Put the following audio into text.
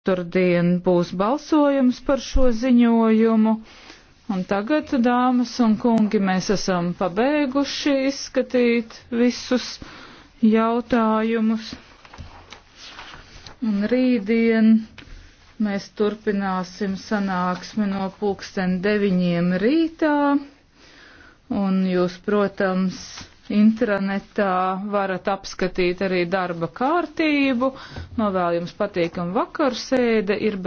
Ceturtdien būs balsojums par šo ziņojumu. Un tagad, dāmas un kungi, mēs esam pabeiguši izskatīt visus jautājumus. Un rītdien mēs turpināsim sanāksmi no pulksten deviņiem rītā. Un jūs, protams, internetā varat apskatīt arī darba kārtību. Novēl jums patīkamu vakaru sēde ir beigusies.